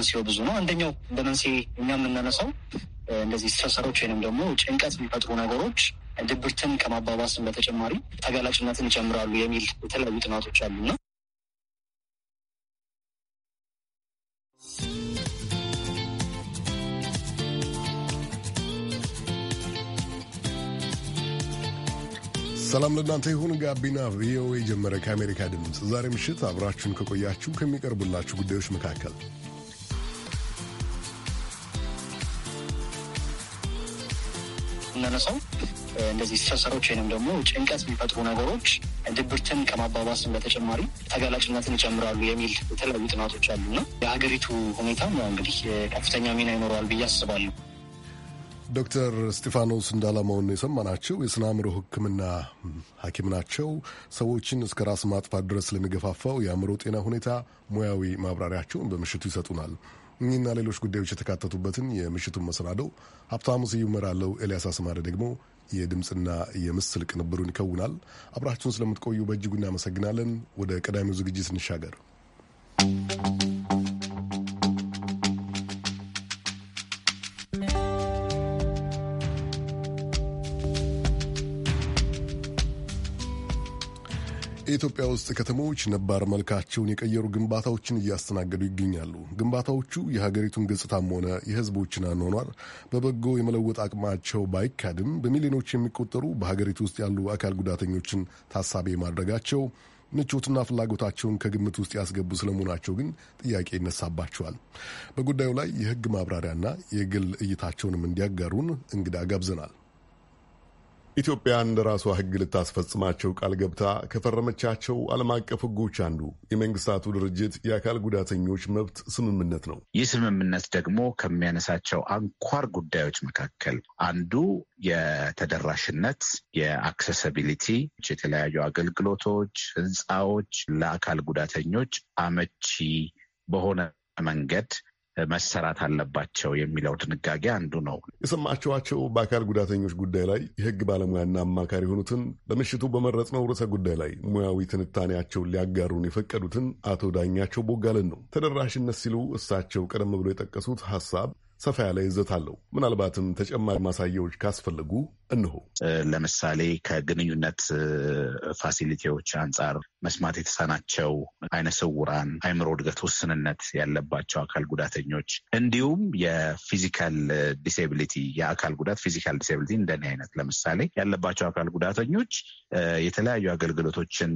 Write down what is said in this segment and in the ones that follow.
መንስኤው ብዙ ነው። አንደኛው በመንስኤ እኛ የምናነሳው እንደዚህ ስትረሰሮች ወይንም ደግሞ ጭንቀት የሚፈጥሩ ነገሮች ድብርትን ከማባባስን በተጨማሪ ተጋላጭነትን ይጨምራሉ የሚል የተለያዩ ጥናቶች አሉና ሰላም ለእናንተ ይሁን። ጋቢና ቪኦኤ ጀመረ። ከአሜሪካ ድምፅ ዛሬ ምሽት አብራችሁን ከቆያችሁ ከሚቀርቡላችሁ ጉዳዮች መካከል ስናነሳው እንደዚህ ስትረሰሮች ወይንም ደግሞ ጭንቀት የሚፈጥሩ ነገሮች ድብርትን ከማባባስን በተጨማሪ ተጋላጭነትን ይጨምራሉ የሚል የተለያዩ ጥናቶች እና የሀገሪቱ ሁኔታም እንግዲህ ከፍተኛ ሚና ይኖረዋል ብዬ አስባለሁ። ዶክተር ስጢፋኖስ እንዳላማውን የሰማናቸው የስነ አእምሮ ሕክምና ሐኪም ናቸው። ሰዎችን እስከ ራስ ማጥፋት ድረስ ለሚገፋፋው የአእምሮ ጤና ሁኔታ ሙያዊ ማብራሪያቸውን በምሽቱ ይሰጡናል። እኚህና ሌሎች ጉዳዮች የተካተቱበትን የምሽቱን መሰናደው ሀብታሙ ስዩም እመራለሁ። ኤልያስ አስማሪ ደግሞ የድምፅና የምስል ቅንብሩን ይከውናል። አብራችሁን ስለምትቆዩ በእጅጉ እናመሰግናለን። ወደ ቀዳሚው ዝግጅት እንሻገር። የኢትዮጵያ ውስጥ ከተሞች ነባር መልካቸውን የቀየሩ ግንባታዎችን እያስተናገዱ ይገኛሉ። ግንባታዎቹ የሀገሪቱን ገጽታም ሆነ የሕዝቦችን አኗኗር በበጎ የመለወጥ አቅማቸው ባይካድም በሚሊዮኖች የሚቆጠሩ በሀገሪቱ ውስጥ ያሉ አካል ጉዳተኞችን ታሳቢ ማድረጋቸው ምቾትና ፍላጎታቸውን ከግምት ውስጥ ያስገቡ ስለመሆናቸው ግን ጥያቄ ይነሳባቸዋል። በጉዳዩ ላይ የሕግ ማብራሪያና የግል እይታቸውንም እንዲያጋሩን እንግዳ ጋብዘናል። ኢትዮጵያ እንደ ራሷ ሕግ ልታስፈጽማቸው ቃል ገብታ ከፈረመቻቸው ዓለም አቀፍ ሕጎች አንዱ የመንግስታቱ ድርጅት የአካል ጉዳተኞች መብት ስምምነት ነው። ይህ ስምምነት ደግሞ ከሚያነሳቸው አንኳር ጉዳዮች መካከል አንዱ የተደራሽነት፣ የአክሰሰቢሊቲ የተለያዩ አገልግሎቶች፣ ህንፃዎች ለአካል ጉዳተኞች አመቺ በሆነ መንገድ መሰራት አለባቸው የሚለው ድንጋጌ አንዱ ነው። የሰማችኋቸው በአካል ጉዳተኞች ጉዳይ ላይ የህግ ባለሙያና አማካሪ የሆኑትን ለምሽቱ ነው ርዕሰ ጉዳይ ላይ ሙያዊ ትንታኔያቸውን ሊያጋሩን የፈቀዱትን አቶ ዳኛቸው ቦጋለን ነው። ተደራሽነት ሲሉ እሳቸው ቀደም ብሎ የጠቀሱት ሀሳብ ሰፋ ያለ ይዘት አለው። ምናልባትም ተጨማሪ ማሳያዎች ካስፈለጉ እንሆ ለምሳሌ ከግንኙነት ፋሲሊቲዎች አንጻር መስማት የተሳናቸው፣ አይነ ስውራን፣ አይምሮ እድገት ውስንነት ያለባቸው አካል ጉዳተኞች እንዲሁም የፊዚካል ዲስኤቢሊቲ የአካል ጉዳት ፊዚካል ዲስኤቢሊቲ እንደኔ አይነት ለምሳሌ ያለባቸው አካል ጉዳተኞች የተለያዩ አገልግሎቶችን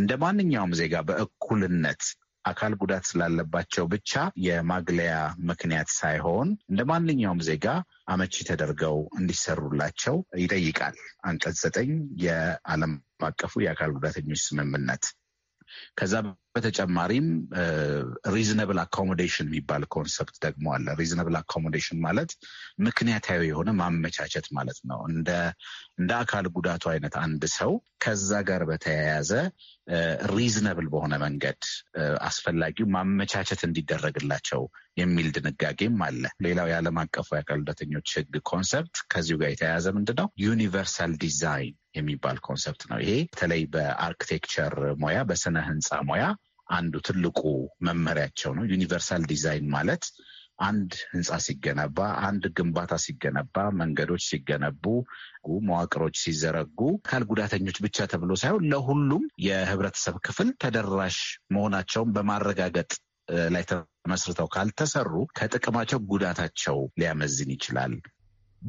እንደ ማንኛውም ዜጋ በእኩልነት አካል ጉዳት ስላለባቸው ብቻ የማግለያ ምክንያት ሳይሆን እንደ ማንኛውም ዜጋ አመቺ ተደርገው እንዲሰሩላቸው ይጠይቃል። አንቀጽ ዘጠኝ የዓለም አቀፉ የአካል ጉዳተኞች ስምምነት ከዛ በተጨማሪም ሪዝነብል አኮሞዴሽን የሚባል ኮንሰፕት ደግሞ አለ። ሪዝነብል አኮሞዴሽን ማለት ምክንያታዊ የሆነ ማመቻቸት ማለት ነው። እንደ አካል ጉዳቱ አይነት አንድ ሰው ከዛ ጋር በተያያዘ ሪዝነብል በሆነ መንገድ አስፈላጊው ማመቻቸት እንዲደረግላቸው የሚል ድንጋጌም አለ። ሌላው የዓለም አቀፉ የአካል ጉዳተኞች ሕግ ኮንሰፕት ከዚሁ ጋር የተያያዘ ምንድነው ዩኒቨርሳል ዲዛይን የሚባል ኮንሰፕት ነው። ይሄ በተለይ በአርክቴክቸር ሙያ፣ በስነ ህንፃ ሙያ አንዱ ትልቁ መመሪያቸው ነው። ዩኒቨርሳል ዲዛይን ማለት አንድ ህንፃ ሲገነባ፣ አንድ ግንባታ ሲገነባ፣ መንገዶች ሲገነቡ፣ መዋቅሮች ሲዘረጉ አካል ጉዳተኞች ብቻ ተብሎ ሳይሆን ለሁሉም የህብረተሰብ ክፍል ተደራሽ መሆናቸውን በማረጋገጥ ላይ ተመስርተው ካልተሰሩ ከጥቅማቸው ጉዳታቸው ሊያመዝን ይችላል።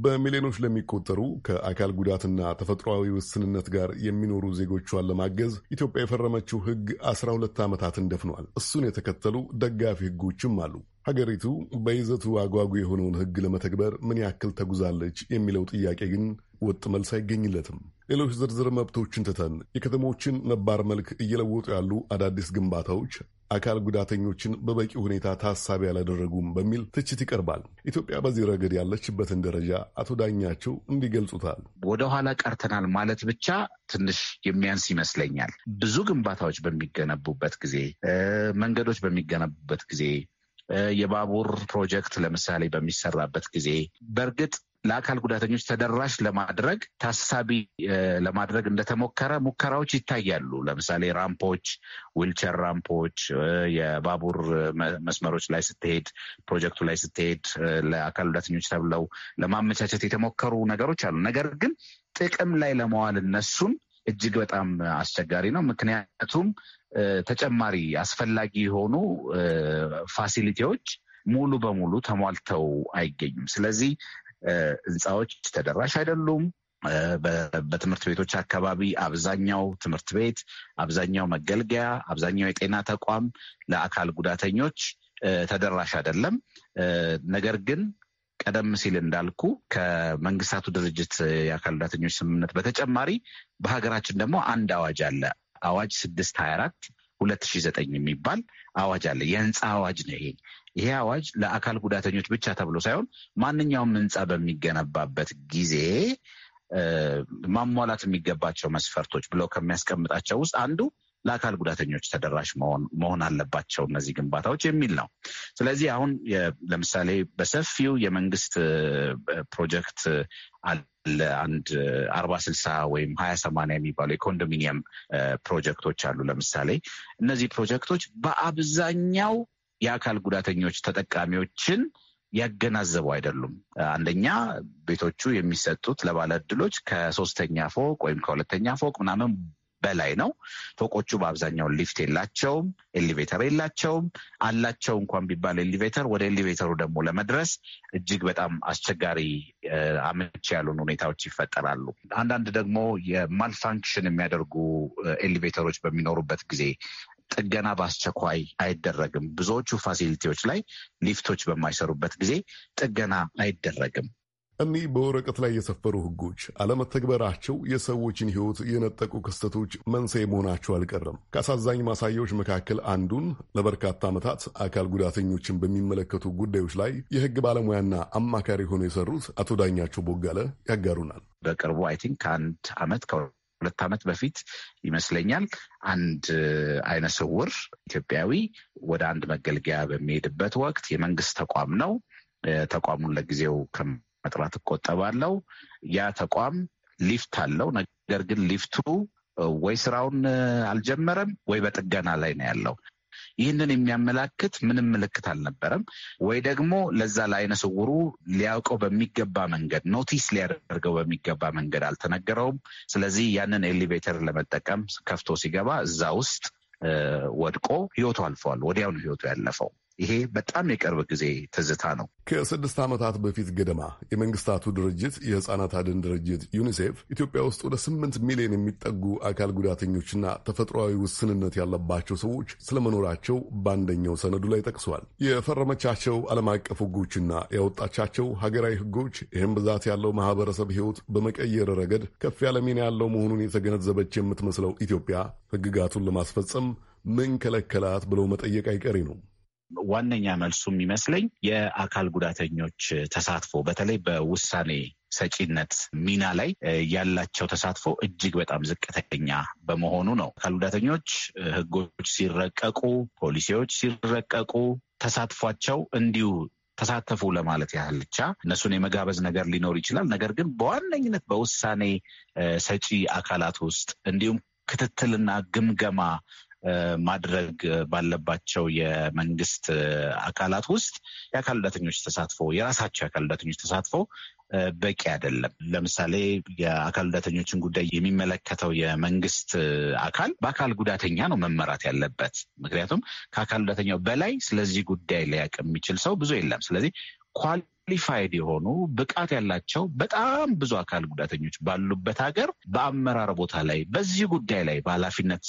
በሚሊዮኖች ለሚቆጠሩ ከአካል ጉዳትና ተፈጥሯዊ ውስንነት ጋር የሚኖሩ ዜጎቿን ለማገዝ ኢትዮጵያ የፈረመችው ሕግ አስራ ሁለት ዓመታትን ደፍኗል። እሱን የተከተሉ ደጋፊ ሕጎችም አሉ። ሀገሪቱ በይዘቱ አጓጉ የሆነውን ሕግ ለመተግበር ምን ያክል ተጉዛለች የሚለው ጥያቄ ግን ወጥ መልስ አይገኝለትም። ሌሎች ዝርዝር መብቶችን ትተን የከተሞችን ነባር መልክ እየለወጡ ያሉ አዳዲስ ግንባታዎች አካል ጉዳተኞችን በበቂ ሁኔታ ታሳቢ አላደረጉም በሚል ትችት ይቀርባል። ኢትዮጵያ በዚህ ረገድ ያለችበትን ደረጃ አቶ ዳኛቸው እንዲገልጹታል። ወደኋላ ቀርተናል ማለት ብቻ ትንሽ የሚያንስ ይመስለኛል። ብዙ ግንባታዎች በሚገነቡበት ጊዜ፣ መንገዶች በሚገነቡበት ጊዜ የባቡር ፕሮጀክት ለምሳሌ በሚሰራበት ጊዜ በእርግጥ ለአካል ጉዳተኞች ተደራሽ ለማድረግ ታሳቢ ለማድረግ እንደተሞከረ ሙከራዎች ይታያሉ። ለምሳሌ ራምፖች፣ ዊልቸር ራምፖች፣ የባቡር መስመሮች ላይ ስትሄድ፣ ፕሮጀክቱ ላይ ስትሄድ ለአካል ጉዳተኞች ተብለው ለማመቻቸት የተሞከሩ ነገሮች አሉ። ነገር ግን ጥቅም ላይ ለመዋል እነሱን እጅግ በጣም አስቸጋሪ ነው። ምክንያቱም ተጨማሪ አስፈላጊ የሆኑ ፋሲሊቲዎች ሙሉ በሙሉ ተሟልተው አይገኙም። ስለዚህ ህንፃዎች ተደራሽ አይደሉም። በትምህርት ቤቶች አካባቢ አብዛኛው ትምህርት ቤት፣ አብዛኛው መገልገያ፣ አብዛኛው የጤና ተቋም ለአካል ጉዳተኞች ተደራሽ አይደለም። ነገር ግን ቀደም ሲል እንዳልኩ ከመንግስታቱ ድርጅት የአካል ጉዳተኞች ስምምነት በተጨማሪ በሀገራችን ደግሞ አንድ አዋጅ አለ። አዋጅ ስድስት ሀያ አራት ሁለት ሺ ዘጠኝ የሚባል አዋጅ አለ። የህንፃ አዋጅ ነው ይሄ ይሄ አዋጅ ለአካል ጉዳተኞች ብቻ ተብሎ ሳይሆን ማንኛውም ህንፃ በሚገነባበት ጊዜ ማሟላት የሚገባቸው መስፈርቶች ብለው ከሚያስቀምጣቸው ውስጥ አንዱ ለአካል ጉዳተኞች ተደራሽ መሆን አለባቸው እነዚህ ግንባታዎች የሚል ነው። ስለዚህ አሁን ለምሳሌ በሰፊው የመንግስት ፕሮጀክት አለ። አንድ አርባ ስልሳ ወይም ሀያ ሰማንያ የሚባሉ የኮንዶሚኒየም ፕሮጀክቶች አሉ። ለምሳሌ እነዚህ ፕሮጀክቶች በአብዛኛው የአካል ጉዳተኞች ተጠቃሚዎችን ያገናዘቡ አይደሉም። አንደኛ ቤቶቹ የሚሰጡት ለባለ እድሎች ከሶስተኛ ፎቅ ወይም ከሁለተኛ ፎቅ ምናምን በላይ ነው። ፎቆቹ በአብዛኛው ሊፍት የላቸውም፣ ኤሊቬተር የላቸውም። አላቸው እንኳን ቢባል ኤሊቬተር ወደ ኤሊቬተሩ ደግሞ ለመድረስ እጅግ በጣም አስቸጋሪ፣ አመቺ ያሉን ሁኔታዎች ይፈጠራሉ። አንዳንድ ደግሞ የማልፋንክሽን የሚያደርጉ ኤሊቬተሮች በሚኖሩበት ጊዜ ጥገና በአስቸኳይ አይደረግም። ብዙዎቹ ፋሲሊቲዎች ላይ ሊፍቶች በማይሰሩበት ጊዜ ጥገና አይደረግም። እኒህ በወረቀት ላይ የሰፈሩ ህጎች አለመተግበራቸው የሰዎችን ህይወት የነጠቁ ክስተቶች መንስኤ መሆናቸው አልቀረም። ከአሳዛኝ ማሳያዎች መካከል አንዱን ለበርካታ ዓመታት አካል ጉዳተኞችን በሚመለከቱ ጉዳዮች ላይ የህግ ባለሙያና አማካሪ ሆነው የሰሩት አቶ ዳኛቸው ቦጋለ ያጋሩናል። በቅርቡ አይ ቲንክ ከአንድ ዓመት ሁለት ዓመት በፊት ይመስለኛል አንድ አይነ ስውር ኢትዮጵያዊ ወደ አንድ መገልገያ በሚሄድበት ወቅት የመንግስት ተቋም ነው። ተቋሙን ለጊዜው ከመጥራት እቆጠባለው ያ ተቋም ሊፍት አለው። ነገር ግን ሊፍቱ ወይ ስራውን አልጀመረም ወይ በጥገና ላይ ነው ያለው። ይህንን የሚያመላክት ምንም ምልክት አልነበረም። ወይ ደግሞ ለዛ ለአይነ ስውሩ ሊያውቀው በሚገባ መንገድ ኖቲስ ሊያደርገው በሚገባ መንገድ አልተነገረውም። ስለዚህ ያንን ኤሊቬተር ለመጠቀም ከፍቶ ሲገባ እዛ ውስጥ ወድቆ ህይወቱ አልፈዋል። ወዲያው ህይወቱ ያለፈው። ይሄ በጣም የቅርብ ጊዜ ትዝታ ነው። ከስድስት ዓመታት በፊት ገደማ የመንግስታቱ ድርጅት የህፃናት አድን ድርጅት ዩኒሴፍ ኢትዮጵያ ውስጥ ወደ ስምንት ሚሊዮን የሚጠጉ አካል ጉዳተኞችና ተፈጥሯዊ ውስንነት ያለባቸው ሰዎች ስለመኖራቸው በአንደኛው ሰነዱ ላይ ጠቅሷል። የፈረመቻቸው ዓለም አቀፍ ህጎችና ያወጣቻቸው ሀገራዊ ህጎች ይህም ብዛት ያለው ማህበረሰብ ህይወት በመቀየር ረገድ ከፍ ያለ ሚና ያለው መሆኑን የተገነዘበች የምትመስለው ኢትዮጵያ ህግጋቱን ለማስፈጸም ምን ከለከላት ብለው መጠየቅ አይቀሬ ነው። ዋነኛ መልሱ የሚመስለኝ የአካል ጉዳተኞች ተሳትፎ በተለይ በውሳኔ ሰጪነት ሚና ላይ ያላቸው ተሳትፎ እጅግ በጣም ዝቅተኛ በመሆኑ ነው። አካል ጉዳተኞች ሕጎች ሲረቀቁ፣ ፖሊሲዎች ሲረቀቁ ተሳትፏቸው እንዲሁ ተሳተፉ ለማለት ያህል ብቻ እነሱን የመጋበዝ ነገር ሊኖር ይችላል። ነገር ግን በዋነኝነት በውሳኔ ሰጪ አካላት ውስጥ እንዲሁም ክትትልና ግምገማ ማድረግ ባለባቸው የመንግስት አካላት ውስጥ የአካል ጉዳተኞች ተሳትፎ የራሳቸው የአካል ጉዳተኞች ተሳትፎ በቂ አይደለም። ለምሳሌ የአካል ጉዳተኞችን ጉዳይ የሚመለከተው የመንግስት አካል በአካል ጉዳተኛ ነው መመራት ያለበት። ምክንያቱም ከአካል ጉዳተኛው በላይ ስለዚህ ጉዳይ ሊያውቅ የሚችል ሰው ብዙ የለም። ስለዚህ ኳል ኳሊፋይድ የሆኑ ብቃት ያላቸው በጣም ብዙ አካል ጉዳተኞች ባሉበት ሀገር በአመራር ቦታ ላይ በዚህ ጉዳይ ላይ በኃላፊነት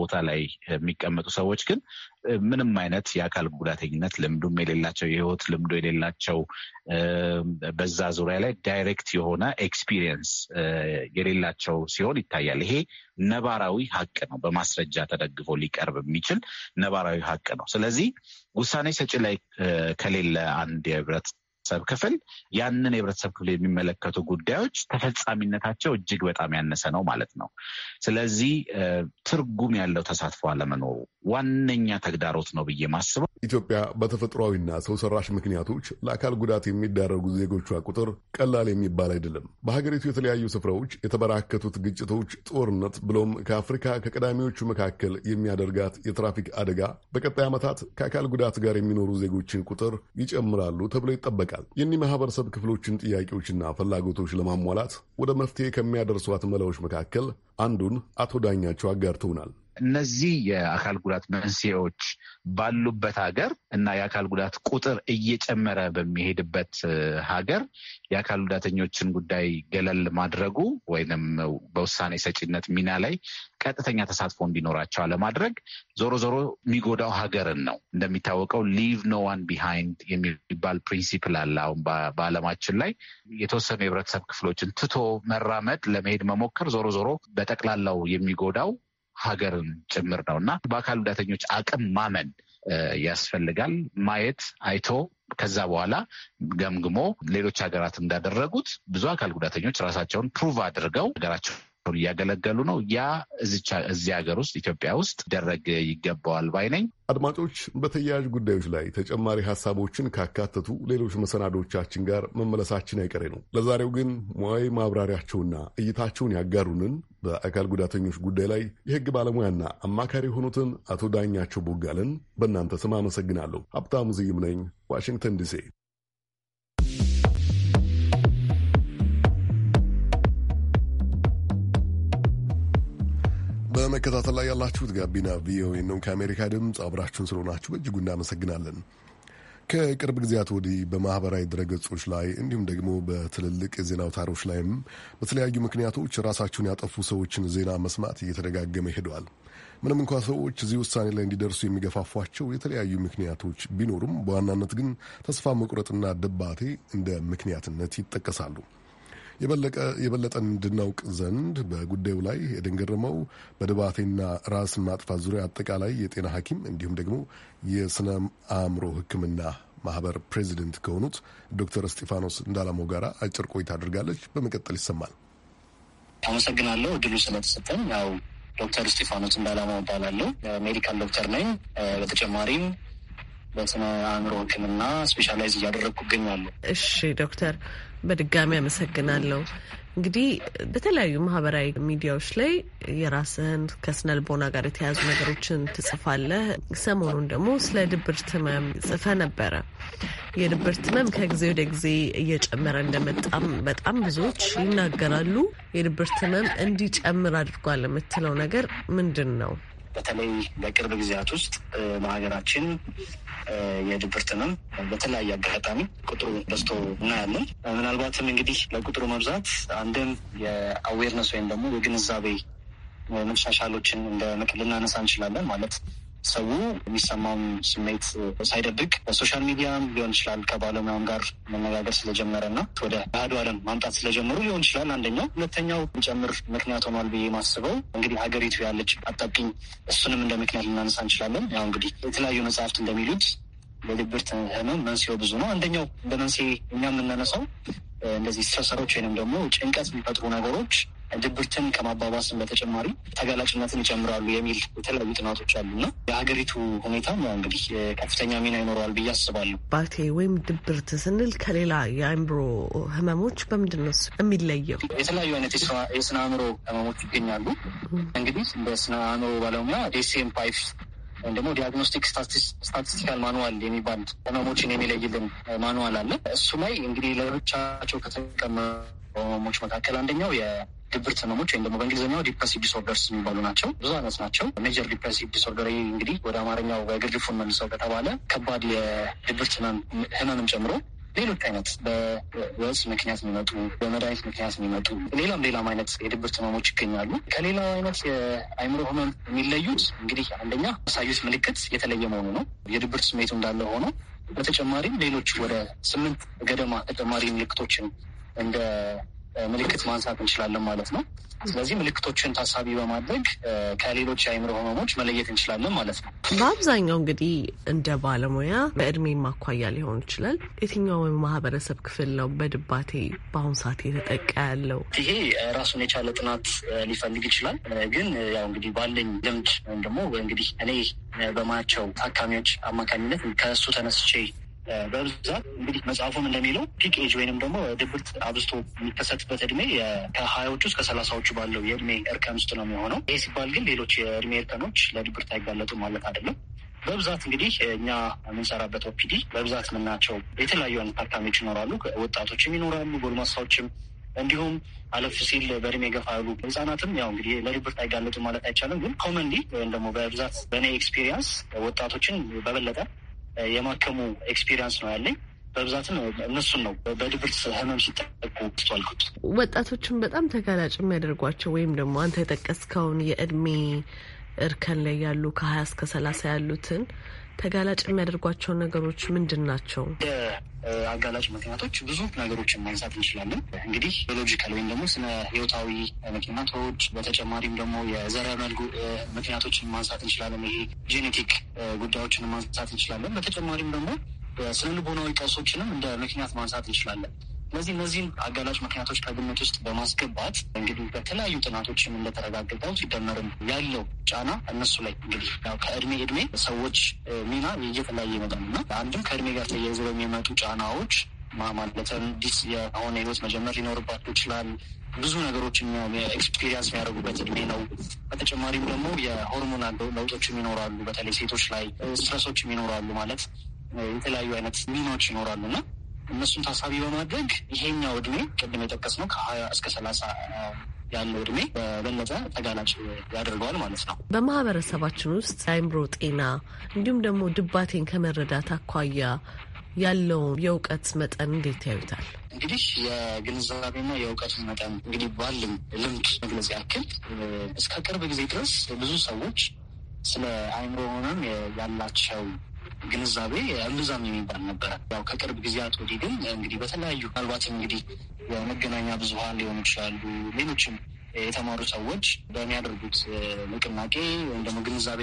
ቦታ ላይ የሚቀመጡ ሰዎች ግን ምንም አይነት የአካል ጉዳተኝነት ልምዱም የሌላቸው የህይወት ልምዶ የሌላቸው በዛ ዙሪያ ላይ ዳይሬክት የሆነ ኤክስፒሪየንስ የሌላቸው ሲሆን ይታያል። ይሄ ነባራዊ ሀቅ ነው። በማስረጃ ተደግፎ ሊቀርብ የሚችል ነባራዊ ሀቅ ነው። ስለዚህ ውሳኔ ሰጪ ላይ ከሌለ አንድ የህብረት የህብረተሰብ ክፍል ያንን የህብረተሰብ ክፍል የሚመለከቱ ጉዳዮች ተፈጻሚነታቸው እጅግ በጣም ያነሰ ነው ማለት ነው። ስለዚህ ትርጉም ያለው ተሳትፎ አለመኖሩ ዋነኛ ተግዳሮት ነው ብዬ ማስበው። ኢትዮጵያ በተፈጥሯዊና ሰው ሰራሽ ምክንያቶች ለአካል ጉዳት የሚዳረጉ ዜጎቿ ቁጥር ቀላል የሚባል አይደለም። በሀገሪቱ የተለያዩ ስፍራዎች የተበራከቱት ግጭቶች፣ ጦርነት ብሎም ከአፍሪካ ከቀዳሚዎቹ መካከል የሚያደርጋት የትራፊክ አደጋ በቀጣይ ዓመታት ከአካል ጉዳት ጋር የሚኖሩ ዜጎችን ቁጥር ይጨምራሉ ተብሎ ይጠበቃል። ይጠበቃል። የኒህ ማህበረሰብ ክፍሎችን ጥያቄዎችና ፍላጎቶች ለማሟላት ወደ መፍትሄ ከሚያደርሷት መላዎች መካከል አንዱን አቶ ዳኛቸው አጋርተውናል። እነዚህ የአካል ጉዳት መንስኤዎች ባሉበት ሀገር እና የአካል ጉዳት ቁጥር እየጨመረ በሚሄድበት ሀገር የአካል ጉዳተኞችን ጉዳይ ገለል ማድረጉ ወይም በውሳኔ ሰጪነት ሚና ላይ ቀጥተኛ ተሳትፎ እንዲኖራቸው ለማድረግ ዞሮ ዞሮ የሚጎዳው ሀገርን ነው። እንደሚታወቀው ሊቭ ኖ ዋን ቢሃይንድ የሚባል ፕሪንሲፕል አለ። አሁን በዓለማችን ላይ የተወሰኑ የህብረተሰብ ክፍሎችን ትቶ መራመድ ለመሄድ መሞከር ዞሮ ዞሮ በጠቅላላው የሚጎዳው ሀገርን ጭምር ነው እና በአካል ጉዳተኞች አቅም ማመን ያስፈልጋል። ማየት አይቶ ከዛ በኋላ ገምግሞ ሌሎች ሀገራት እንዳደረጉት ብዙ አካል ጉዳተኞች ራሳቸውን ፕሩቭ አድርገው ሀገራቸው እያገለገሉ ነው። ያ እዚህ ሀገር ውስጥ ኢትዮጵያ ውስጥ ደረግ ይገባዋል ባይ ነኝ። አድማጮች፣ በተያያዥ ጉዳዮች ላይ ተጨማሪ ሀሳቦችን ካካተቱ ሌሎች መሰናዶቻችን ጋር መመለሳችን አይቀሬ ነው። ለዛሬው ግን ሙያዊ ማብራሪያቸውና እይታቸውን ያጋሩንን በአካል ጉዳተኞች ጉዳይ ላይ የሕግ ባለሙያና አማካሪ የሆኑትን አቶ ዳኛቸው ቦጋለን በእናንተ ስም አመሰግናለሁ። ሀብታሙ ዝይም ነኝ፣ ዋሽንግተን ዲሲ። በመከታተል ላይ ያላችሁት ጋቢና ቪኦኤ ነው። ከአሜሪካ ድምፅ አብራችሁን ስለሆናችሁ በእጅጉ እናመሰግናለን። ከቅርብ ጊዜያት ወዲህ በማህበራዊ ድረገጾች ላይ እንዲሁም ደግሞ በትልልቅ የዜና አውታሮች ላይም በተለያዩ ምክንያቶች ራሳቸውን ያጠፉ ሰዎችን ዜና መስማት እየተደጋገመ ሄደዋል። ምንም እንኳ ሰዎች እዚህ ውሳኔ ላይ እንዲደርሱ የሚገፋፏቸው የተለያዩ ምክንያቶች ቢኖሩም በዋናነት ግን ተስፋ መቁረጥና ድባቴ እንደ ምክንያትነት ይጠቀሳሉ። የበለጠ እንድናውቅ ዘንድ በጉዳዩ ላይ የደንገረመው ገረመው በድባቴና ማጥፋት ዙሪያ አጠቃላይ የጤና ሐኪም እንዲሁም ደግሞ የስነ አእምሮ ሕክምና ማህበር ፕሬዚደንት ከሆኑት ዶክተር እስጢፋኖስ እንዳላማው ጋር አጭር ቆይታ አድርጋለች። በመቀጠል ይሰማል። አመሰግናለሁ እድሉ ስለተሰጠን። ያው ዶክተር እስጢፋኖስ እንዳላማው እባላለሁ። ሜዲካል ዶክተር ነኝ። በተጨማሪም በስነ አእምሮ ሕክምና ስፔሻላይዝ እያደረግኩ እገኛለሁ። እሺ ዶክተር በድጋሚ አመሰግናለሁ። እንግዲህ በተለያዩ ማህበራዊ ሚዲያዎች ላይ የራስህን ከስነልቦና ጋር የተያዙ ነገሮችን ትጽፋለህ። ሰሞኑን ደግሞ ስለ ድብርት ህመም ጽፈ ነበረ። የድብርት ህመም ከጊዜ ወደ ጊዜ እየጨመረ እንደመጣም በጣም ብዙዎች ይናገራሉ። የድብርት ህመም እንዲጨምር አድርጓል የምትለው ነገር ምንድን ነው? በተለይ በቅርብ ጊዜያት ውስጥ በሀገራችን የድብርት በተለያየ አጋጣሚ ቁጥሩ በዝቶ እናያለን። ምናልባትም እንግዲህ ለቁጥሩ መብዛት አንድም የአዌርነስ ወይም ደግሞ የግንዛቤ መሻሻሎችን እንደ ምክር ልናነሳ እንችላለን ማለት ሰው የሚሰማውን ስሜት ሳይደብቅ በሶሻል ሚዲያም ሊሆን ይችላል ከባለሙያም ጋር መነጋገር ስለጀመረ እና ወደ ባህዱ ዓለም ማምጣት ስለጀመሩ ሊሆን ይችላል አንደኛው። ሁለተኛው ጨምር ምክንያት ሆኗል ብዬ ማስበው እንግዲህ ሀገሪቱ ያለች አጣብቂኝ፣ እሱንም እንደ ምክንያት ልናነሳ እንችላለን። ያው እንግዲህ የተለያዩ መጽሐፍት እንደሚሉት ለድብርት ህመም መንስኤው ብዙ ነው። አንደኛው እንደ መንስኤ እኛ የምናነሳው እንደዚህ ስትረሰሮች ወይንም ደግሞ ጭንቀት የሚፈጥሩ ነገሮች ድብርትን ከማባባስን በተጨማሪ ተጋላጭነትን ይጨምራሉ የሚል የተለያዩ ጥናቶች አሉና የሀገሪቱ ሁኔታም እንግዲህ ከፍተኛ ሚና ይኖረዋል ብዬ አስባለሁ። ባቴ ወይም ድብርት ስንል ከሌላ የአእምሮ ህመሞች በምንድን ነው የሚለየው? የተለያዩ አይነት የስነ አእምሮ ህመሞች ይገኛሉ። እንግዲህ እንደ አእምሮ ባለሙያ ኤስኤም ፋይቭ ወይም ደግሞ ዲያግኖስቲክ ስታቲስቲካል ማኑዋል የሚባል ህመሞችን የሚለይልን ማኑዋል አለ። እሱ ላይ እንግዲህ ለብቻቸው ከተቀመጡ ህመሞች መካከል አንደኛው ድብርት ህመሞች ወይም ደግሞ በእንግሊዝኛው ዲፕሬሲቭ ዲስኦርደርስ የሚባሉ ናቸው። ብዙ አይነት ናቸው። ሜጀር ዲፕሬሲቭ ዲስኦርደር እንግዲህ ወደ አማርኛው በግርድፉን መልሰው ከተባለ ከባድ የድብርት ህመምም ጨምሮ ሌሎች አይነት በወዝ ምክንያት የሚመጡ በመድኃኒት ምክንያት የሚመጡ ሌላም ሌላም አይነት የድብርት ህመሞች ይገኛሉ። ከሌላው አይነት የአይምሮ ህመም የሚለዩት እንግዲህ አንደኛ ያሳዩት ምልክት የተለየ መሆኑ ነው። የድብርት ስሜቱ እንዳለ ሆኖ በተጨማሪም ሌሎች ወደ ስምንት ገደማ ተጨማሪ ምልክቶችን እንደ ምልክት ማንሳት እንችላለን ማለት ነው። ስለዚህ ምልክቶችን ታሳቢ በማድረግ ከሌሎች የአይምሮ ህመሞች መለየት እንችላለን ማለት ነው። በአብዛኛው እንግዲህ እንደ ባለሙያ በእድሜ ማኳያ ሊሆን ይችላል። የትኛው ማህበረሰብ ክፍል ነው በድባቴ በአሁኑ ሰዓት የተጠቃ ያለው? ይሄ ራሱን የቻለ ጥናት ሊፈልግ ይችላል። ግን ያው እንግዲህ ባለኝ ልምድ ወይም ደግሞ እንግዲህ እኔ በማያቸው ታካሚዎች አማካኝነት ከእሱ ተነስቼ በብዛት እንግዲህ መጽሐፉም እንደሚለው ፒክ ኤጅ ወይንም ደግሞ ድብርት አብዝቶ የሚከሰትበት እድሜ ከሀያዎቹ እስከ ሰላሳዎቹ ባለው የእድሜ እርከን ውስጥ ነው የሚሆነው። ይህ ሲባል ግን ሌሎች የእድሜ እርከኖች ለድብርት አይጋለጡ ማለት አይደለም። በብዛት እንግዲህ እኛ የምንሰራበት ኦፒዲ በብዛት የምናቸው የተለያዩ አይነት ታካሚዎች ይኖራሉ። ወጣቶችም ይኖራሉ፣ ጎልማሳዎችም እንዲሁም አለፍ ሲል በእድሜ ገፋ ያሉ ህጻናትም ያው እንግዲህ ለድብርት አይጋለጡ ማለት አይቻልም። ግን ኮመንሊ ወይም ደግሞ በብዛት በእኔ ኤክስፒሪየንስ ወጣቶችን በበለጠ የማከሙ ኤክስፒሪንስ ነው ያለኝ። በብዛትም እነሱን ነው በድብርት ህመም ሲጠቁ ስቷልኩት። ወጣቶችን በጣም ተጋላጭ የሚያደርጓቸው ወይም ደግሞ አንተ የጠቀስከውን የእድሜ እርከን ላይ ያሉ ከሀያ እስከ ሰላሳ ያሉትን ተጋላጭ የሚያደርጓቸው ነገሮች ምንድን ናቸው? አጋላጭ ምክንያቶች ብዙ ነገሮችን ማንሳት እንችላለን። እንግዲህ ሎጂካል ወይም ደግሞ ስነ ህይወታዊ ምክንያቶች፣ በተጨማሪም ደግሞ የዘረመል ምክንያቶችን ማንሳት እንችላለን። ይሄ ጄኔቲክ ጉዳዮችን ማንሳት እንችላለን። በተጨማሪም ደግሞ ስነ ልቦናዊ እንደ ምክንያት ማንሳት እንችላለን። ስለዚህ እነዚህን አጋላጭ ምክንያቶች ከግምት ውስጥ በማስገባት እንግዲህ በተለያዩ ጥናቶችም እንደተረጋገጠው ሲደመርም ያለው ጫና እነሱ ላይ እንግዲህ ከእድሜ እድሜ ሰዎች ሚና እየተለያየ ይመጣል እና አንድም ከእድሜ ጋር ተያይዞ በሚመጡ ጫናዎች ማለትም ዲስ የአሁን ህይወት መጀመር ሊኖርባቸው ይችላል። ብዙ ነገሮች ኤክስፒሪየንስ የሚያደርጉበት እድሜ ነው። በተጨማሪም ደግሞ የሆርሞን ለውጦችም ይኖራሉ። በተለይ ሴቶች ላይ ስትረሶችም ይኖራሉ። ማለት የተለያዩ አይነት ሚናዎች ይኖራሉ እና እነሱን ታሳቢ በማድረግ ይሄኛው እድሜ ቅድም ነው ከሀያ እስከ ሰላሳ ያለው እድሜ በበለጠ ተጋላጭ ያደርገዋል ማለት ነው። በማህበረሰባችን ውስጥ አይምሮ ጤና እንዲሁም ደግሞ ድባቴን ከመረዳት አኳያ ያለውን የእውቀት መጠን እንዴት ያዩታል? እንግዲህ የግንዛቤና የእውቀት መጠን እንግዲህ ባልም ልምድ መግለጽ ያክል እስከ ቅርብ ጊዜ ድረስ ብዙ ሰዎች ስለ አይምሮ ሆነም ያላቸው ግንዛቤ እምብዛም የሚባል ነበረ። ያው ከቅርብ ጊዜያት ወዲህ ግን እንግዲህ በተለያዩ ምናልባት እንግዲህ የመገናኛ ብዙሀን ሊሆኑ ይችላሉ ሌሎችም የተማሩ ሰዎች በሚያደርጉት ንቅናቄ ወይም ደግሞ ግንዛቤ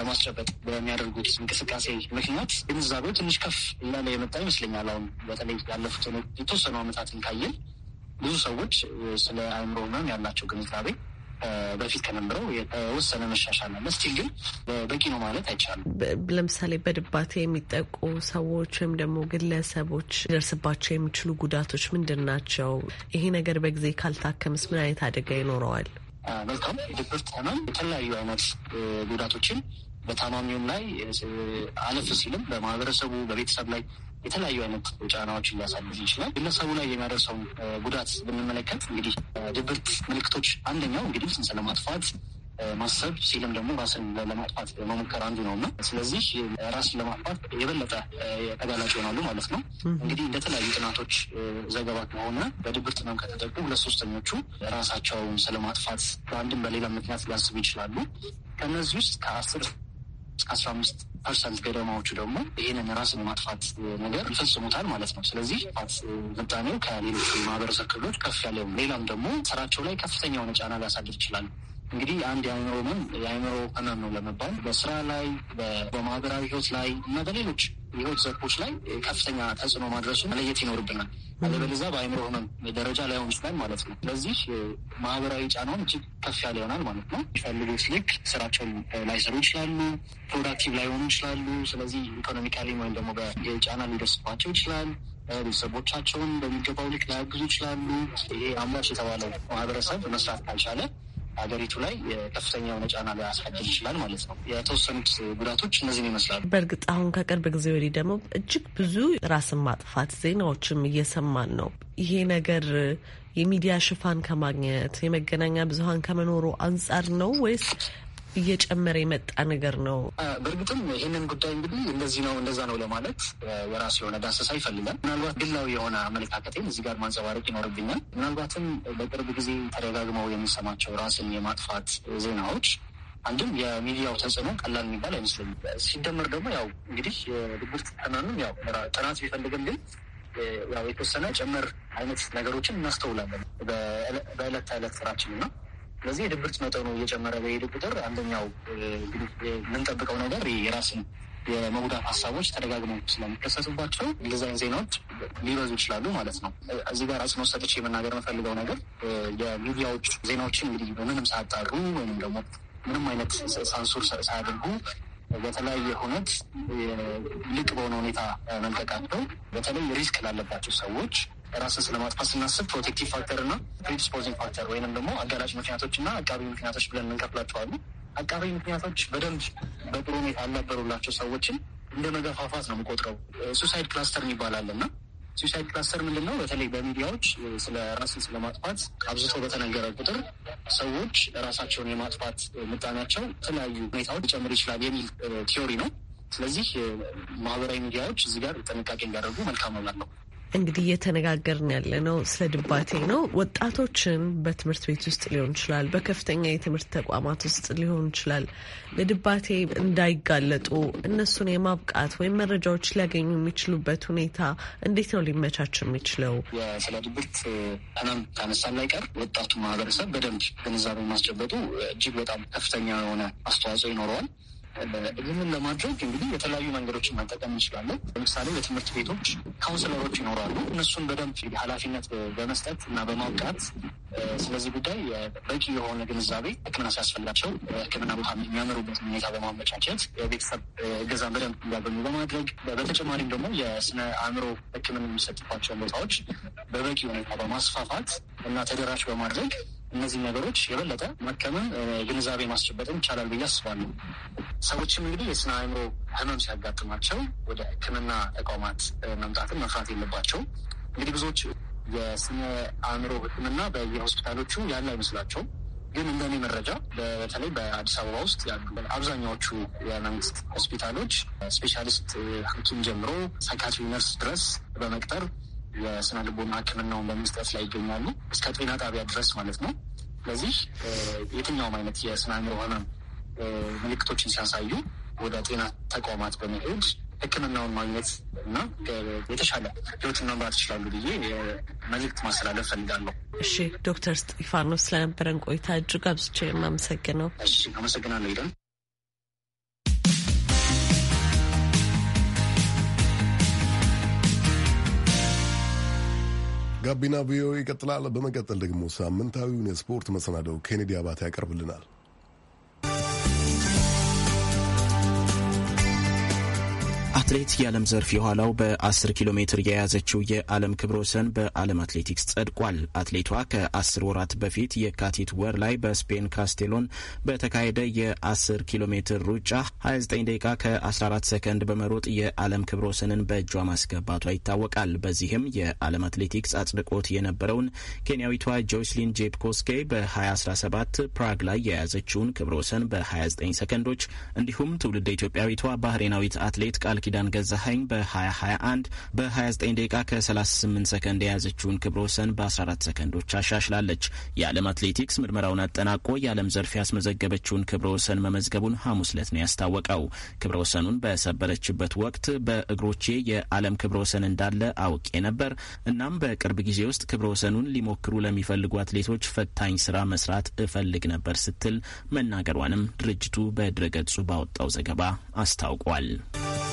ለማስጨበጥ በሚያደርጉት እንቅስቃሴ ምክንያት ግንዛቤው ትንሽ ከፍ እያለ የመጣ ይመስለኛል። አሁን በተለይ ያለፉት የተወሰኑ ዓመታትን ካየን ብዙ ሰዎች ስለ አእምሮ ህመም ያላቸው ግንዛቤ በፊት ከነበረው የተወሰነ መሻሻል አለ። እስቲል ግን በቂ ነው ማለት አይቻልም። ለምሳሌ በድባቴ የሚጠቁ ሰዎች ወይም ደግሞ ግለሰቦች ሊደርስባቸው የሚችሉ ጉዳቶች ምንድን ናቸው? ይሄ ነገር በጊዜ ካልታከምስ ምን አይነት አደጋ ይኖረዋል? መልካም ድብርት ህመም የተለያዩ አይነት ጉዳቶችን በታማሚውም ላይ አለፍ ሲልም በማህበረሰቡ በቤተሰብ ላይ የተለያዩ አይነት ጫናዎችን ሊያሳልፍ ይችላል። ግለሰቡ ላይ የሚያደርሰው ጉዳት ብንመለከት እንግዲህ ድብርት ምልክቶች አንደኛው እንግዲህ ጽንሰ ለማጥፋት ማሰብ ሲልም ደግሞ ራስን ለማጥፋት መሞከር አንዱ ነው እና ስለዚህ ራስን ለማጥፋት የበለጠ ተጋላጭ ይሆናሉ ማለት ነው። እንግዲህ እንደተለያዩ ጥናቶች ዘገባ ከሆነ በድብርት ህመም ከተጠቁ ሁለት ሶስተኞቹ ራሳቸውን ስለማጥፋት በአንድም በሌላ ምክንያት ሊያስቡ ይችላሉ። ከእነዚህ ውስጥ ከአስር እስከ አስራ አምስት ፐርሰንት ገደማዎቹ ደግሞ ይህንን ራስን የማጥፋት ነገር ይፈጽሙታል ማለት ነው። ስለዚህ ፋት ምጣኔው ከሌሎቹ ማህበረሰብ ክፍሎች ከፍ ያለ ሌላም ደግሞ ስራቸው ላይ ከፍተኛ የሆነ ጫና ሊያሳድር ይችላል። እንግዲህ አንድ የአእምሮ ህመም የአእምሮ ህመም ነው ለመባል በስራ ላይ በማህበራዊ ህይወት ላይ እና በሌሎች የህይወት ዘርፎች ላይ ከፍተኛ ተጽዕኖ ማድረሱ መለየት ይኖርብናል። አለበለዚያ በአእምሮ ህመም ደረጃ ላይሆን ይችላል ማለት ነው። ስለዚህ ማህበራዊ ጫናውን እጅግ ከፍ ያለ ይሆናል ማለት ነው። የሚፈልጉት ልክ ስራቸውን ላይሰሩ ይችላሉ፣ ፕሮዳክቲቭ ላይሆኑ ይችላሉ። ስለዚህ ኢኮኖሚካሊ ወይም ደግሞ በጫና ሊደርስባቸው ይችላል። ቤተሰቦቻቸውን በሚገባው ልክ ላያግዙ ይችላሉ። ይሄ አምራች የተባለው ማህበረሰብ መስራት ካልቻለ ሀገሪቱ ላይ ከፍተኛ የሆነ ጫና ሊያሳድር ይችላል ማለት ነው። የተወሰኑት ጉዳቶች እነዚህን ይመስላሉ። በእርግጥ አሁን ከቅርብ ጊዜ ወዲህ ደግሞ እጅግ ብዙ ራስን ማጥፋት ዜናዎችም እየሰማን ነው። ይሄ ነገር የሚዲያ ሽፋን ከማግኘት የመገናኛ ብዙኃን ከመኖሩ አንጻር ነው ወይስ እየጨመረ የመጣ ነገር ነው። በእርግጥም ይህንን ጉዳይ እንግዲህ እንደዚህ ነው እንደዛ ነው ለማለት የራሱ የሆነ ዳሰሳ ይፈልጋል። ምናልባት ግላዊ የሆነ አመለካከቴን እዚህ ጋር ማንጸባረቅ ይኖርብኛል። ምናልባትም በቅርብ ጊዜ ተደጋግመው የምንሰማቸው ራስን የማጥፋት ዜናዎች አንድም የሚዲያው ተጽዕኖ ቀላል የሚባል አይመስለኝ። ሲደመር ደግሞ ያው እንግዲህ የድብርት ህመምም ያው ጥናት ቢፈልግም ግን ያው የተወሰነ ጨምር አይነት ነገሮችን እናስተውላለን በዕለት ተዕለት ስራችን እና ስለዚህ የድብርት መጠኑ እየጨመረ በሄደ ቁጥር አንደኛው የምንጠብቀው ነገር የራስን የመጉዳት ሀሳቦች ተደጋግመው ስለሚከሰቱባቸው ዲዛይን ዜናዎች ሊበዙ ይችላሉ ማለት ነው። እዚህ ጋር አጽንኦት ሰጥቼ የመናገር የምፈልገው ነገር የሚዲያዎች ዜናዎችን እንግዲህ በምንም ሳያጣሩ ወይም ደግሞ ምንም አይነት ሳንሱር ሳያደርጉ በተለያየ ሁነት ልቅ በሆነ ሁኔታ መልቀቃቸው በተለይ ሪስክ ላለባቸው ሰዎች ራስን ስለማጥፋት ስናስብ ፕሮቴክቲቭ ፋክተር እና ፕሪዲስፖዚንግ ፋክተር ወይንም ደግሞ አጋላጭ ምክንያቶች እና አቃቢ ምክንያቶች ብለን እንከፍላቸዋሉ። አቃቢ ምክንያቶች በደንብ በጥሩ ሁኔታ ያልነበሩላቸው ሰዎችን እንደ መገፋፋት ነው የምቆጥረው። ሱሳይድ ክላስተር ይባላል እና ሱሳይድ ክላስተር ምንድን ነው? በተለይ በሚዲያዎች ስለ ራስን ስለማጥፋት አብዝቶ በተነገረ ቁጥር ሰዎች ራሳቸውን የማጥፋት ምጣኔያቸው የተለያዩ ሁኔታዎች ሊጨምር ይችላል የሚል ቲዮሪ ነው። ስለዚህ ማህበራዊ ሚዲያዎች እዚህ ጋር ጥንቃቄ እንዲያደርጉ መልካም ነው። እንግዲህ እየተነጋገርን ያለ ነው ስለ ድባቴ ነው። ወጣቶችን በትምህርት ቤት ውስጥ ሊሆን ይችላል፣ በከፍተኛ የትምህርት ተቋማት ውስጥ ሊሆን ይችላል። ለድባቴ እንዳይጋለጡ እነሱን የማብቃት ወይም መረጃዎች ሊያገኙ የሚችሉበት ሁኔታ እንዴት ነው ሊመቻች የሚችለው? ስለ ድብርት ህመም ካነሳን ላይቀር ወጣቱ ማህበረሰብ በደንብ ግንዛቤ ማስጨበጡ እጅግ በጣም ከፍተኛ የሆነ አስተዋጽኦ ይኖረዋል። ይህንን ለማድረግ እንግዲህ የተለያዩ መንገዶችን መጠቀም እንችላለን። ለምሳሌ በትምህርት ቤቶች ካውንስለሮች ይኖራሉ። እነሱን በደንብ ኃላፊነት በመስጠት እና በማውቃት ስለዚህ ጉዳይ በቂ የሆነ ግንዛቤ ሕክምና ሲያስፈልጋቸው ሕክምና ቦታ የሚያምሩበት ሁኔታ በማመቻቸት የቤተሰብ እገዛ በደንብ እንዲያገኙ በማድረግ በተጨማሪም ደግሞ የስነ አእምሮ ሕክምና የሚሰጥባቸውን ቦታዎች በበቂ ሁኔታ በማስፋፋት እና ተደራሽ በማድረግ እነዚህ ነገሮች የበለጠ ማከምን ግንዛቤ ማስጨበጥ ይቻላል ብዬ አስባለሁ። ሰዎችም እንግዲህ የስነ አእምሮ ህመም ሲያጋጥማቸው ወደ ሕክምና ተቋማት መምጣትን መፍራት የለባቸው። እንግዲህ ብዙዎች የስነ አእምሮ ሕክምና በየሆስፒታሎቹ ያለ አይመስላቸውም። ግን እንደኔ መረጃ በተለይ በአዲስ አበባ ውስጥ ያሉ አብዛኛዎቹ የመንግስት ሆስፒታሎች ስፔሻሊስት ሐኪም ጀምሮ ሳይካትሪ ነርስ ድረስ በመቅጠር የስነ ልቦና ሕክምናውን በመስጠት ላይ ይገኛሉ እስከ ጤና ጣቢያ ድረስ ማለት ነው። ስለዚህ የትኛውም አይነት የስነ አእምሮ ህመም ምልክቶችን ሲያሳዩ ወደ ጤና ተቋማት በመሄድ ሕክምናውን ማግኘት እና የተሻለ ህይወትን መምራት ይችላሉ ብዬ መልእክት ማስተላለፍ ፈልጋለሁ። እሺ ዶክተር ስጢፋኖስ ስለነበረን ቆይታ እጅግ አብዝቼ የማመሰግነው። እሺ አመሰግናለሁ። ጋቢና ቪኦኤ ይቀጥላል። በመቀጠል ደግሞ ሳምንታዊውን የስፖርት መሰናደው ኬኔዲ አባተ ያቀርብልናል። አትሌት የዓለም ዘርፍ የኋላው በ10 ኪሎ ሜትር የያዘችው የዓለም ክብረ ወሰን በዓለም አትሌቲክስ ጸድቋል። አትሌቷ ከ10 ወራት በፊት የካቲት ወር ላይ በስፔን ካስቴሎን በተካሄደ የ10 ኪሎ ሜትር ሩጫ 29 ደቂቃ ከ14 ሰከንድ በመሮጥ የዓለም ክብረ ወሰንን በእጇ ማስገባቷ ይታወቃል። በዚህም የዓለም አትሌቲክስ አጽድቆት የነበረውን ኬንያዊቷ ጆይስሊን ጄፕኮስኬ በ2017 ፕራግ ላይ የያዘችውን ክብረ ወሰን በ29 ሰከንዶች እንዲሁም ትውልድ ኢትዮጵያዊቷ ባህሬናዊት አትሌት ቃል ኪዳን ገዛኸኝ በ2021 በ29 ደቂቃ ከ38 ሰከንድ የያዘችውን ክብረ ወሰን በ14 ሰከንዶች አሻሽላለች። የዓለም አትሌቲክስ ምርመራውን አጠናቆ የዓለም ዘርፍ ያስመዘገበችውን ክብረ ወሰን መመዝገቡን ሐሙስ ዕለት ነው ያስታወቀው። ክብረ ወሰኑን በሰበረችበት ወቅት በእግሮቼ የዓለም ክብረ ወሰን እንዳለ አውቄ ነበር። እናም በቅርብ ጊዜ ውስጥ ክብረ ወሰኑን ሊሞክሩ ለሚፈልጉ አትሌቶች ፈታኝ ስራ መስራት እፈልግ ነበር ስትል መናገሯንም ድርጅቱ በድረገጹ ባወጣው ዘገባ አስታውቋል።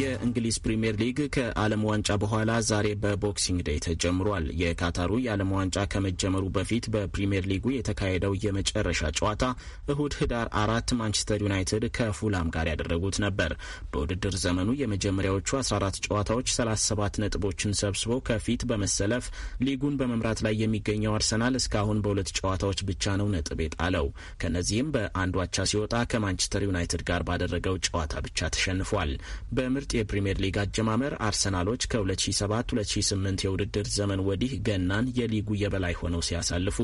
የእንግሊዝ ፕሪምየር ሊግ ከዓለም ዋንጫ በኋላ ዛሬ በቦክሲንግ ዴይ ተጀምሯል። የካታሩ የዓለም ዋንጫ ከመጀመሩ በፊት በፕሪምየር ሊጉ የተካሄደው የመጨረሻ ጨዋታ እሁድ ህዳር አራት ማንቸስተር ዩናይትድ ከፉላም ጋር ያደረጉት ነበር። በውድድር ዘመኑ የመጀመሪያዎቹ 14 ጨዋታዎች 37 ነጥቦችን ሰብስቦ ከፊት በመሰለፍ ሊጉን በመምራት ላይ የሚገኘው አርሰናል እስካሁን በሁለት ጨዋታዎች ብቻ ነው ነጥብ የጣለው። ከነዚህም በአንዷቻ ሲወጣ ከማንቸስተር ዩናይትድ ጋር ባደረገው ጨዋታ ብቻ ተሸንፏል። ምርጥ የፕሪምየር ሊግ አጀማመር አርሰናሎች ከ2007-2008 የውድድር ዘመን ወዲህ ገናን የሊጉ የበላይ ሆነው ሲያሳልፉ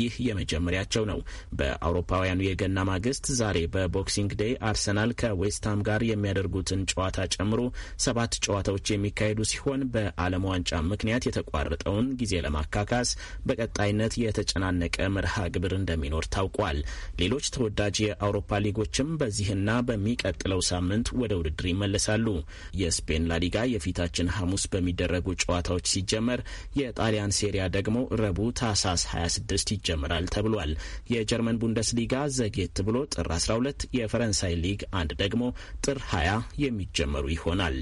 ይህ የመጀመሪያቸው ነው። በአውሮፓውያኑ የገና ማግስት ዛሬ በቦክሲንግ ዴይ አርሰናል ከዌስትሃም ጋር የሚያደርጉትን ጨዋታ ጨምሮ ሰባት ጨዋታዎች የሚካሄዱ ሲሆን በዓለም ዋንጫ ምክንያት የተቋረጠውን ጊዜ ለማካካስ በቀጣይነት የተጨናነቀ መርሃ ግብር እንደሚኖር ታውቋል። ሌሎች ተወዳጅ የአውሮፓ ሊጎችም በዚህና በሚቀጥለው ሳምንት ወደ ውድድር ይመለሳሉ። የስፔን ላሊጋ የፊታችን ሐሙስ በሚደረጉ ጨዋታዎች ሲጀመር የጣሊያን ሴሪያ ደግሞ ረቡዕ ታህሳስ 26 ይጀምራል ተብሏል። የጀርመን ቡንደስሊጋ ዘጌት ብሎ ጥር 12፣ የፈረንሳይ ሊግ አንድ ደግሞ ጥር 20 የሚጀመሩ ይሆናል።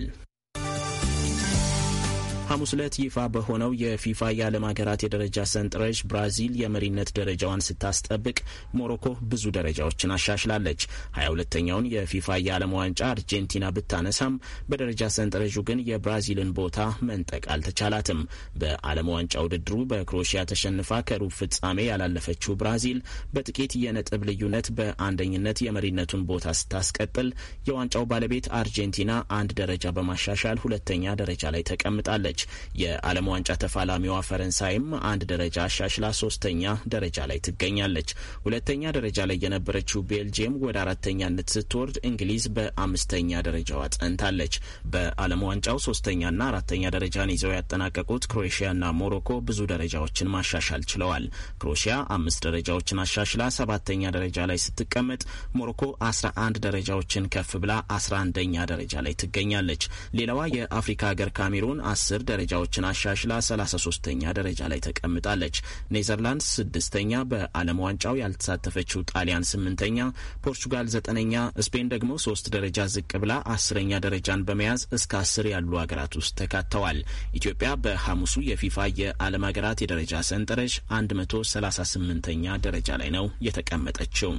ሐሙስ ዕለት ይፋ በሆነው የፊፋ የዓለም ሀገራት የደረጃ ሰንጠረዥ ብራዚል የመሪነት ደረጃዋን ስታስጠብቅ ሞሮኮ ብዙ ደረጃዎችን አሻሽላለች። ሀያ ሁለተኛውን የፊፋ የዓለም ዋንጫ አርጀንቲና ብታነሳም በደረጃ ሰንጠረዡ ግን የብራዚልን ቦታ መንጠቅ አልተቻላትም። በዓለም ዋንጫ ውድድሩ በክሮኤሽያ ተሸንፋ ከሩብ ፍጻሜ ያላለፈችው ብራዚል በጥቂት የነጥብ ልዩነት በአንደኝነት የመሪነቱን ቦታ ስታስቀጥል፣ የዋንጫው ባለቤት አርጀንቲና አንድ ደረጃ በማሻሻል ሁለተኛ ደረጃ ላይ ተቀምጣለች። ሆናለች። የዓለም ዋንጫ ተፋላሚዋ ፈረንሳይም አንድ ደረጃ አሻሽላ ሶስተኛ ደረጃ ላይ ትገኛለች። ሁለተኛ ደረጃ ላይ የነበረችው ቤልጅየም ወደ አራተኛነት ስትወርድ፣ እንግሊዝ በአምስተኛ ደረጃዋ ጸንታለች። በዓለም ዋንጫው ሶስተኛና አራተኛ ደረጃን ይዘው ያጠናቀቁት ክሮኤሽያና ሞሮኮ ብዙ ደረጃዎችን ማሻሻል ችለዋል። ክሮኤሽያ አምስት ደረጃዎችን አሻሽላ ሰባተኛ ደረጃ ላይ ስትቀመጥ፣ ሞሮኮ አስራ አንድ ደረጃዎችን ከፍ ብላ አስራ አንደኛ ደረጃ ላይ ትገኛለች። ሌላዋ የአፍሪካ ሀገር ካሜሩን አስር ደረጃዎችን አሻሽላ 33ተኛ ደረጃ ላይ ተቀምጣለች። ኔዘርላንድስ ስድስተኛ፣ በዓለም ዋንጫው ያልተሳተፈችው ጣሊያን ስምንተኛ፣ ፖርቹጋል ዘጠነኛ፣ ስፔን ደግሞ ሶስት ደረጃ ዝቅ ብላ አስረኛ ደረጃን በመያዝ እስከ አስር ያሉ ሀገራት ውስጥ ተካተዋል። ኢትዮጵያ በሐሙሱ የፊፋ የዓለም ሀገራት የደረጃ ሰንጠረዥ 138ኛ ደረጃ ላይ ነው የተቀመጠችው።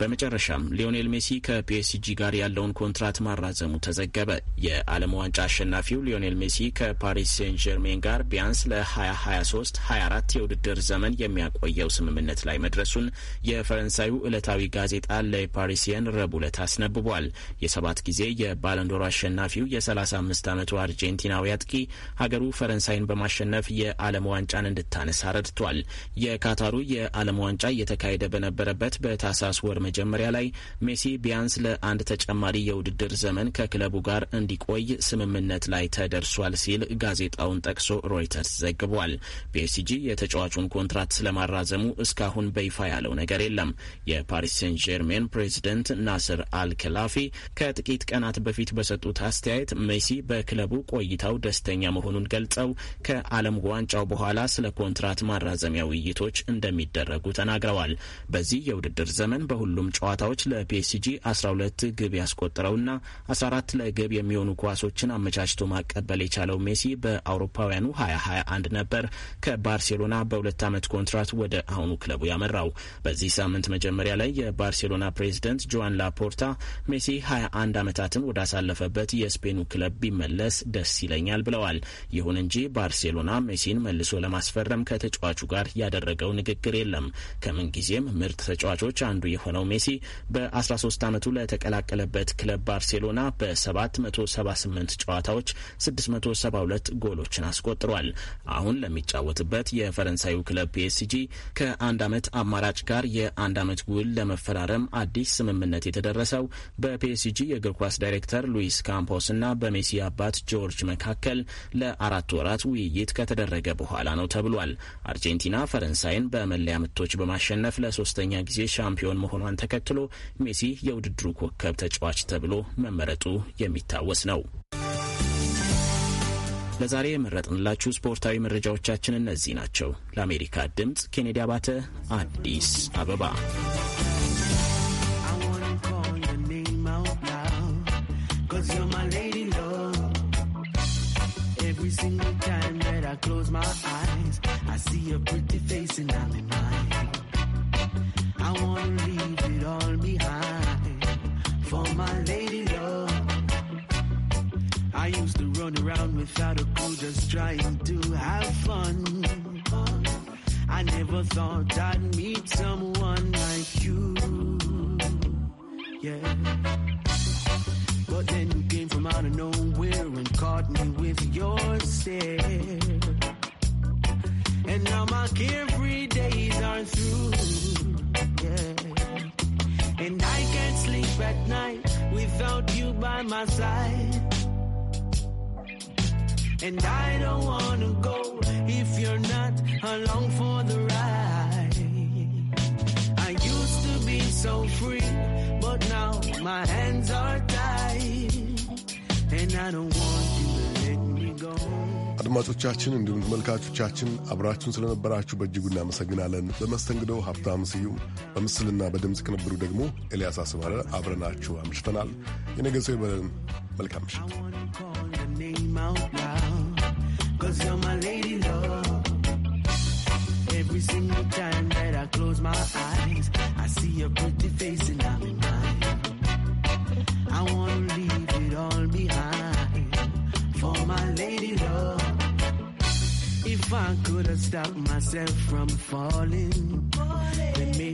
በመጨረሻም ሊዮኔል ሜሲ ከፒኤስጂ ጋር ያለውን ኮንትራት ማራዘሙ ተዘገበ። የዓለም ዋንጫ አሸናፊው ሊዮኔል ሜሲ ከፓሪስ ሴን ጀርሜን ጋር ቢያንስ ለ2023 24 የውድድር ዘመን የሚያቆየው ስምምነት ላይ መድረሱን የፈረንሳዩ ዕለታዊ ጋዜጣ ለፓሪሲየን ረቡዕ ዕለት አስነብቧል። የሰባት ጊዜ የባለንዶሮ አሸናፊው የ35 ዓመቱ አርጀንቲናዊ አጥቂ ሀገሩ ፈረንሳይን በማሸነፍ የዓለም ዋንጫን እንድታነሳ ረድቷል። የካታሩ የዓለም ዋንጫ እየተካሄደ በነበረበት በታሳስ ወር መጀመሪያ ላይ ሜሲ ቢያንስ ለአንድ ተጨማሪ የውድድር ዘመን ከክለቡ ጋር እንዲቆይ ስምምነት ላይ ተደርሷል ሲል ጋዜጣውን ጠቅሶ ሮይተርስ ዘግቧል። ፒኤስጂ የተጫዋቹን ኮንትራት ስለማራዘሙ እስካሁን በይፋ ያለው ነገር የለም። የፓሪስ ሴን ጀርሜን ፕሬዚደንት ናስር አልክላፊ ከጥቂት ቀናት በፊት በሰጡት አስተያየት ሜሲ በክለቡ ቆይታው ደስተኛ መሆኑን ገልጸው ከዓለም ዋንጫው በኋላ ስለ ኮንትራት ማራዘሚያ ውይይቶች እንደሚደረጉ ተናግረዋል። በዚህ የውድድር ዘመን በሁሉ በሁሉም ጨዋታዎች ለፒኤስጂ 12 ግብ ያስቆጠረውና 14 ለግብ የሚሆኑ ኳሶችን አመቻችቶ ማቀበል የቻለው ሜሲ በአውሮፓውያኑ 2021 ነበር ከባርሴሎና በሁለት ዓመት ኮንትራት ወደ አሁኑ ክለቡ ያመራው። በዚህ ሳምንት መጀመሪያ ላይ የባርሴሎና ፕሬዚደንት ጆዋን ላፖርታ ሜሲ 21 ዓመታትን ወዳሳለፈበት የስፔኑ ክለብ ቢመለስ ደስ ይለኛል ብለዋል። ይሁን እንጂ ባርሴሎና ሜሲን መልሶ ለማስፈረም ከተጫዋቹ ጋር ያደረገው ንግግር የለም። ከምንጊዜም ምርጥ ተጫዋቾች አንዱ የሆነው ሜሲ በ13 ዓመቱ ለተቀላቀለበት ክለብ ባርሴሎና በ778 ጨዋታዎች 672 ጎሎችን አስቆጥሯል። አሁን ለሚጫወትበት የፈረንሳዩ ክለብ ፒኤስጂ ከአንድ ዓመት አማራጭ ጋር የአንድ ዓመት ውል ለመፈራረም አዲስ ስምምነት የተደረሰው በፒኤስጂ የእግር ኳስ ዳይሬክተር ሉዊስ ካምፖስ እና በሜሲ አባት ጆርጅ መካከል ለአራት ወራት ውይይት ከተደረገ በኋላ ነው ተብሏል። አርጀንቲና ፈረንሳይን በመለያ ምቶች በማሸነፍ ለሶስተኛ ጊዜ ሻምፒዮን መሆኗን ተከትሎ ሜሲ የውድድሩ ኮከብ ተጫዋች ተብሎ መመረጡ የሚታወስ ነው። ለዛሬ የመረጥንላችሁ ስፖርታዊ መረጃዎቻችን እነዚህ ናቸው። ለአሜሪካ ድምፅ ኬኔዲ አባተ፣ አዲስ አበባ። Every single time that I close my eyes, I see a pretty face and I'm in mine. I wanna leave it all behind for my lady love. I used to run around without a clue, just trying to have fun. I never thought I'd meet someone like you. Yeah. But then you came from out of nowhere and caught me with your stare. And now my carefree days are not through yeah. And I can't sleep at night without you by my side. And I don't wanna go if you're not along for the ride. I used to be so free, but now my hands are tied. And I don't want you አድማጮቻችን እንዲሁም ተመልካቾቻችን አብራችሁን ስለነበራችሁ በእጅጉ እናመሰግናለን። በመስተንግዶው ሀብታም ስዩም፣ በምስልና በድምፅ ቅንብሩ ደግሞ ኤልያስ አስማረ አብረናችሁ አምሽተናል። የነገ ሰው ይበለን። መልካም ምሽት። behind my lady love. If I could have stopped myself from falling, falling.